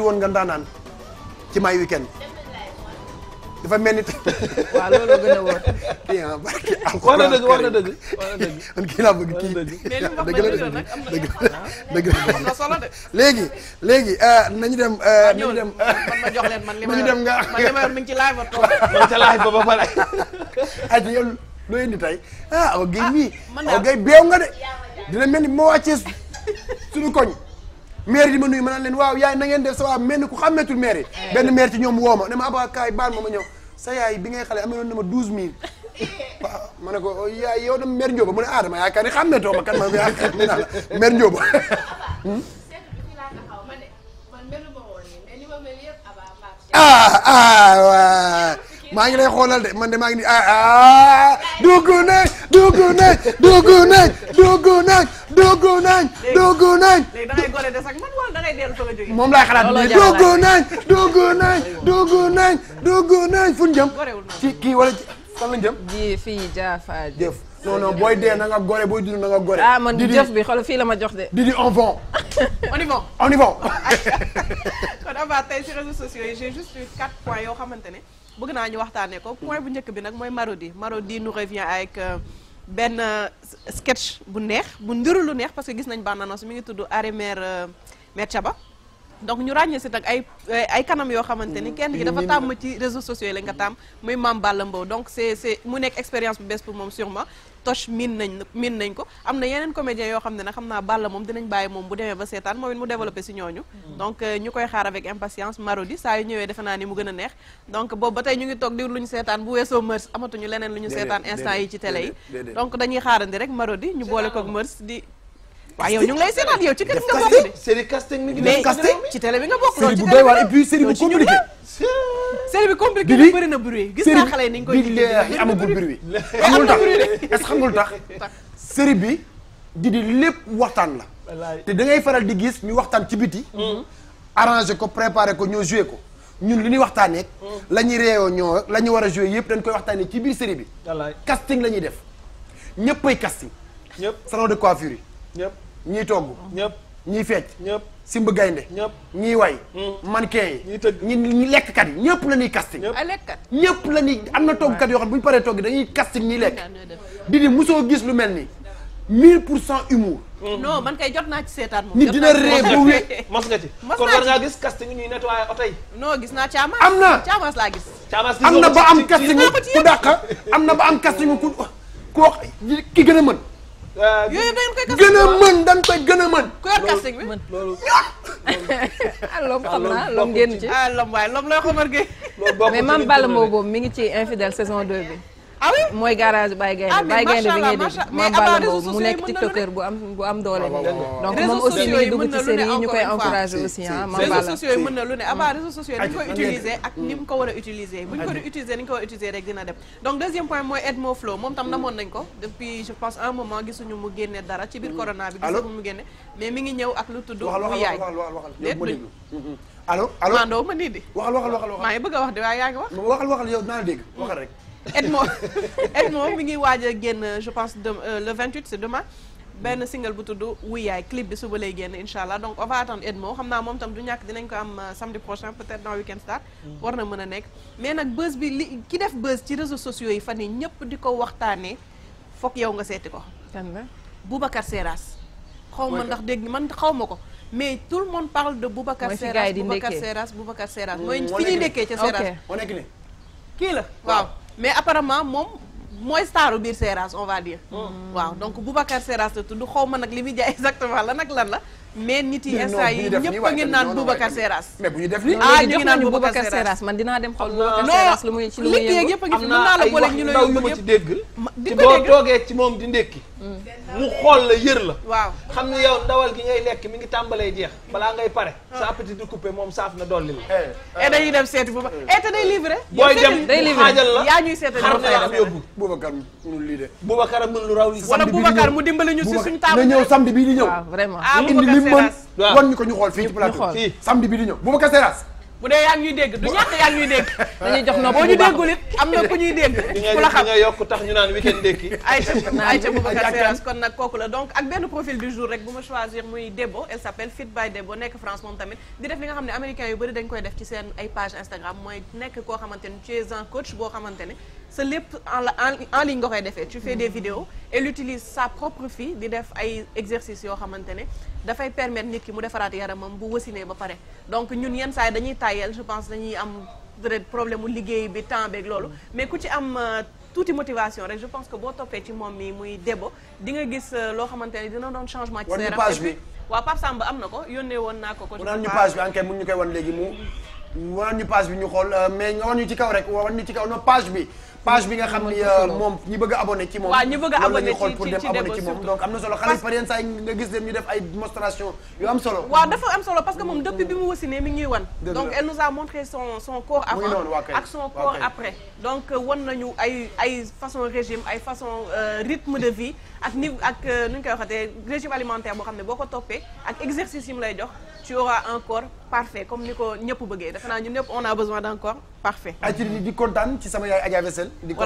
yëkkati woon nga ndaanaan ci may weekend dafa mel ni. waaw loolu gën a wóor. kii ah barki alxuraan. wax na dëgg wax na dëgg wax na dëgg. man kii laa bëgg kii dëgg la dëgg dëgg la léegi léegi euh, nañu dem. Euh, ah, nañu dem man ma jox leen man li ma yor man li ma yor mi ngi ci live ba toog. man ca live ba ba pare. ayca yow loo indi tey ah aw gay mii. aw gay beew nga de. dina mel ni moo wàccee suñu koñ. maire di ma nuyu ma naan leen waaw yaay na ngeen def sa waa mel ni ku xàmmeetul maire yi eh. benn maire ci ñoom woo ma ne ma abaa kaay baal ma ma ñëw sa yaay bi ngay xale amee woon na ma douze mille waaw ma ne ko oh, yaay yow dem maire Ndioba mu ne ah dama yaakaar ni xàmmeetoo kan ma yaakaar naa la maire Ndioba hmm? ah ah maa ngi lay xoolal de man de maa ngi ah, ah dugg nañ dugg nañ dugg nañ dugg nañ dugg nañ dugg nañ. léegi da ngay gole de sax man wala da ngay dellu fa nga jógee. moom laay xalaat mais dugg nañ dugg nañ dugg nañ dugg nañ fu ñu jëm. ci kii wala ci fan lañ jëm. ji fii jaafa jëf. non non booy dee na nga gore booy dund na nga gore. ah man jëf bi xool fii la ma jox de. di di en vent. on y va on y va. kon Aba tey si réseaux sociaux yi j'ai juste quatre points yoo xamante ne. bëgg naa ñu waxtaanee ko point bu njëkk bi nag mooy Marodi Marodi nous revient avec euh, benn euh, sketch bu neex bu ndiru lu neex parce que gis nañ bande annonce mi ngi tudd Arrêt Mère euh, Mère Thiaba donc ñu ràññee si nag ay ay kanam yoo xamante ni kenn gi dafa tàmm ci réseaux sociaux yi la nga tàmm muy maam Balla Mbow donc c'est c'est mu nekk expérience bu bees pour moom sûrement toch miin nañ miin nañ ko am na yeneen comédien yoo xam ne na xam naa Balla moom dinañ bàyyi moom bu demee ba seetaan moom it mu développé si ñooñu mm. donc euh, ñu koy xaar avec impatience Marodi saa yu ñëwee defe naa ni mu gën a neex donc boobu ba tey ñu ngi toog di lu ñu seetaan bu weesoo Mœurs amatuñu leneen lu ñu seetaan instant yi ci télé yi donc dañuy xaarandi rek Marodi ñu boole koog Mœurs di waaw yow ñu ngi lay seetaan yow ci kër nga bokk de. série casting mi bëri na gis naa xale yi ni ñu koy indi bi di di lépp waxtaan la. te da ngay faral di gis ñu waxtaan ci biti. Hmm. arrangé ko préparé ko ñoo joué ko. ñun lu ñuy waxtaanee. Hmm. la ñuy réewoo ñoo la ñu war a joué yëpp dañ koy waxtaanee ci biir série bi. casting la ñuy def ñëppay casting. ñëpp salon de coiffure yi. ñii togg. ñëpp ñii fecc. ñëpp simb gaynde. ñëpp ñii way. Hmm. mannequin yi. ñii tëgg ñi ñi lekkkat yi ñëpp la ñuy casting. ñëpp lekkkat ñëpp la am na kat yoo xam ne bu ñu dañuy casting ñii lekk. gis lu mel ni 1000 pour cent humour. Hmm. non jot naa ci seetaan moom. nit dina ree bu wé. mos nga ci gis casting ñuy nettoyé oto yi. non gis naa caamaas. am na caamaas am na ba am casting ku dàq am na ba am casting ku koo ki gën a mën Euh, yooyu da ngeen koy casting gën a mën dañ koy gën a mën. ku yor casting bi loolu ah lom xam ah, naa lom génn ci. ah lom waay lom looy xamar gi. mais Mame Balla Mbow boobu mi ngi ci infidèle saison 2 bi. ah mooy garage Baye Gaynde ah, Baye Gaynde bi ngay dégg Mame Balla Mbow mu nekk tiktokeur bu bu am doole ah, moom aussi mi ngi dugg ci série yi ñu koy encouragé aussi ah Mame Balla ah. a moom nañ ko depuis je pense un moment gisuñu mu génne dara ci biir hmm. corona bi gisuñu mu génne mais mi ngi ñëw ak lu tudd mu yaay allo hmm. allo ma nii di waxal waxal waxal maa ngi bëgg a wax de waaye yaa ngi wax waxal waxal yow naa dégg waxal rek Edmond Edmond mi ngi waaj a génn je pense de euh, le 28 c'est demain benn single bu tudd Wuyaay clip bi suba lay génn incha allah donc on va attendre xam naa moom tam du ñàkk dinañ ko am euh, samedi prochain peut-être dans Weekend Start mm. war na mën a nekk mais nag buzz bi li ki def buzz ci réseaux sociaux yi fa ni ñëpp di ko waxtaanee foog yow nga seeti ko. kan la Boubacar Seras. xaw ma ndax dégg man xaw ma ko mais tout le monde parle de Boubacar Seras Boubacar Seras Boubacar Seras mooy fi ñuy ndekkee ca Seras. moo nekk nii kii la waaw. mais apparemment moom mooy staru biir Seras on va dire. Oh. waaw donc Boubacar Seras la tudd xaw ma nag li muy jaay exactement lan nag lan la. mais nit yi instant yi ñëpp a ngi naan Boubacar Seras. Ah, man dinaa dem mm. xool la yër la. waaw xam ne yow gi ngay lekk mi ngi tàmbalee jeex balaa ngay pare. Ah. sa la. Eh, eh. Eh, dem seeti la yaa ñuy de. Boubacar mënul lu raw lii. wala Boubacar di ñëw. Ah, vraiment indi li mën wan ñu ko ñu xool fii ci plateau samedi bi di ñëw Boubacar Seras bu dee yaa ngi ñuy dégg du ñàkk yaa ñuy dégg dañuy jox nopp boo ñu déggul it am na ku ñuy dégg ku la xam nga yokk tax ñu naan weekend ndékki Aïcha Aïcha Boubacar Seras kon nag kooku la donc ak benn ma choisir muy nekk France moom tamit di def li nga xam ne américains yu bëri dañ koy def ci seen ay page Instagram mooy nekk koo xamante ne tu coach boo xamante sa lépp en ligne nga koy defee tu fais des vidéos elle utilise sa propre fille di def ay exercices yoo xamante dafay permettre ba bàyyeel je pense dañuy am peut-être problème mu liggéey bi temps loolu mais ku ci am euh, tuuti motivation rek je pense que boo toppee ci moom mi muy débo di nga gis euh, loo xamante ne dina doon changement ci seen page bi waaw Pape Samba am na ko yónnee woon naa ko ko naan ñu page bi enquête mu ñu koy wan léegi mu wanaan ñu page bi ñu xool euh, mais nga wan ñu ci kaw rek wan ñu ci kaw no page bi page bi nga xam ni moom euh, ñi bëgg a ci moom waaw ñi bëgg a abonné ci dem ci moom donc am na solo xale par yenn saa nga gis leen ñu def ay démonstration yu am solo waaw dafa am solo parce que moom depuis bi mu wasinee mi ngi ñuy wan donc elle nous a montré son son corps avant ak son corps après donc euh, wan nañu ay ay façon régime ay façon euh, rythme de vie ak ni ak nu ñu koy waxatee régime alimentaire boo xam ne boo ko toppee ak exercice yi lay jox tu auras un ni ko ñëpp bëggee dafa naa ñun ñëpp on a di ko